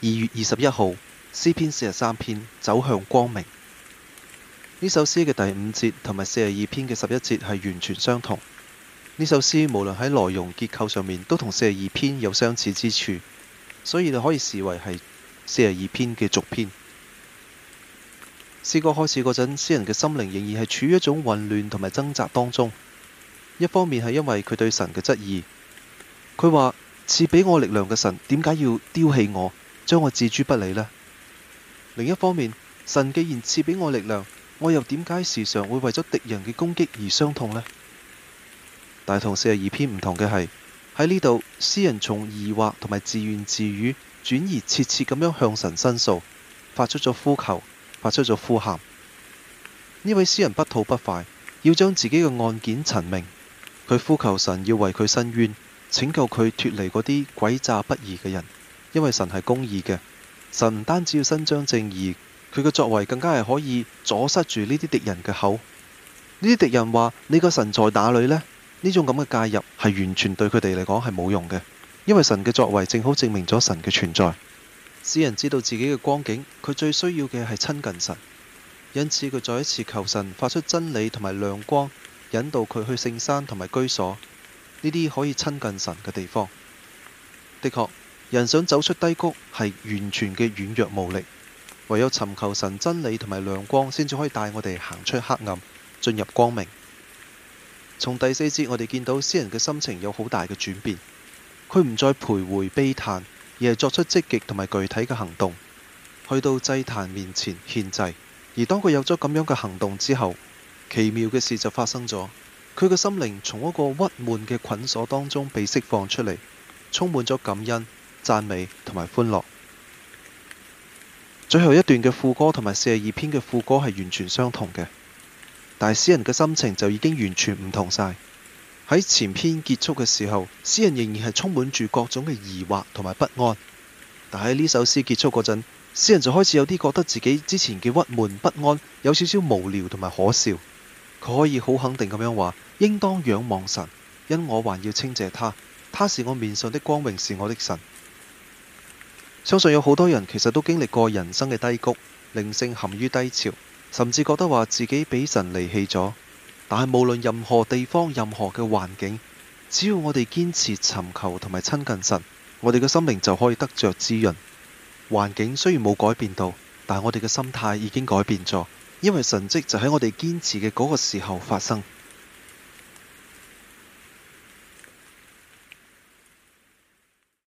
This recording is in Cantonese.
二月二十一號，詩篇四十三篇，走向光明。呢首詩嘅第五節同埋四十二篇嘅十一節係完全相同。呢首詩無論喺內容結構上面都同四十二篇有相似之處，所以你可以視為係四十二篇嘅續篇。詩歌開始嗰陣，詩人嘅心靈仍然係處於一種混亂同埋掙扎當中。一方面係因為佢對神嘅質疑，佢話，賜俾我力量嘅神點解要丟棄我？將我置諸不理呢？另一方面，神既然賜俾我力量，我又點解時常會為咗敵人嘅攻擊而傷痛呢？但同四十二篇唔同嘅係，喺呢度，詩人從疑惑同埋自怨自語，轉而切切咁樣向神申訴，發出咗呼求，發出咗呼喊。呢位詩人不吐不快，要將自己嘅案件陳明。佢呼求神要為佢申冤，拯救佢脱離嗰啲詭詐不義嘅人。因為神係公義嘅，神唔單止要伸張正義，佢嘅作為更加係可以阻塞住呢啲敵人嘅口。呢啲敵人話：你個神在哪裏呢？呢種咁嘅介入係完全對佢哋嚟講係冇用嘅，因為神嘅作為正好證明咗神嘅存在，使人知道自己嘅光景。佢最需要嘅係親近神，因此佢再一次求神發出真理同埋亮光，引導佢去聖山同埋居所，呢啲可以親近神嘅地方。的確。人想走出低谷，係完全嘅軟弱無力，唯有尋求神真理同埋亮光，先至可以帶我哋行出黑暗，進入光明。從第四節我，我哋見到詩人嘅心情有好大嘅轉變，佢唔再徘徊悲嘆，而係作出積極同埋具體嘅行動，去到祭壇面前獻祭。而當佢有咗咁樣嘅行動之後，奇妙嘅事就發生咗，佢嘅心靈從一個鬱悶嘅捆鎖當中被釋放出嚟，充滿咗感恩。讚美同埋歡樂，最後一段嘅副歌同埋四十二篇嘅副歌係完全相同嘅，但係詩人嘅心情就已經完全唔同晒。喺前篇結束嘅時候，詩人仍然係充滿住各種嘅疑惑同埋不安。但喺呢首詩結束嗰陣，詩人就開始有啲覺得自己之前嘅鬱悶不安有少少無聊同埋可笑。佢可以好肯定咁樣話：應當仰望神，因我還要稱謝他，他是我面上的光榮，是我的神。相信有好多人其實都經歷過人生嘅低谷，靈性陷於低潮，甚至覺得話自己俾神離棄咗。但係無論任何地方、任何嘅環境，只要我哋堅持尋求同埋親近神，我哋嘅心靈就可以得着滋潤。環境雖然冇改變到，但係我哋嘅心態已經改變咗，因為神蹟就喺我哋堅持嘅嗰個時候發生。